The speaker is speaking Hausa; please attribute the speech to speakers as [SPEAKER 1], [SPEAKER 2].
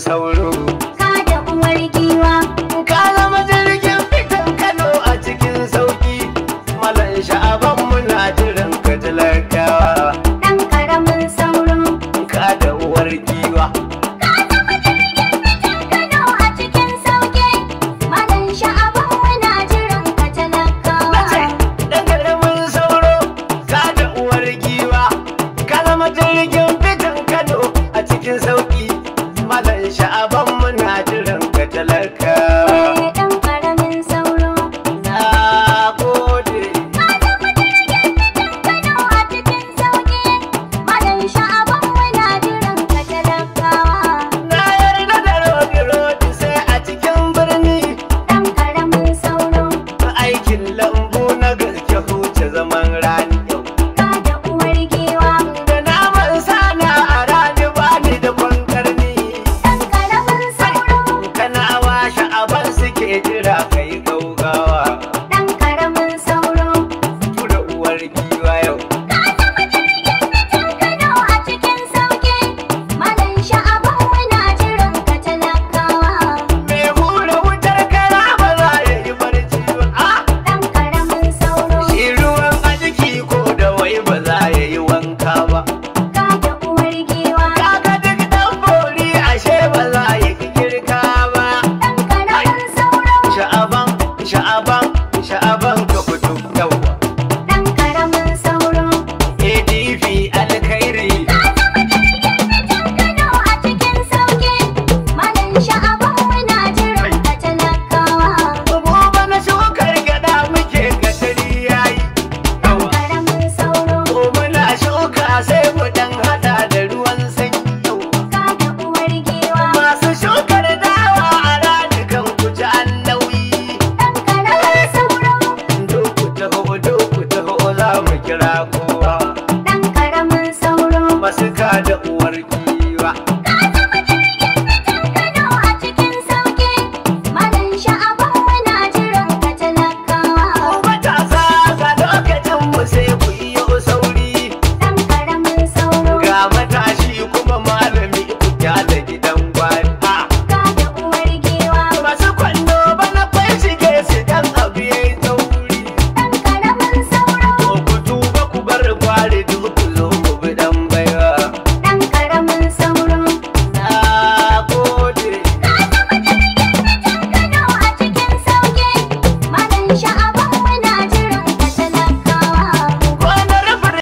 [SPEAKER 1] sauro. Kada kuma riki Yeah, Gracias.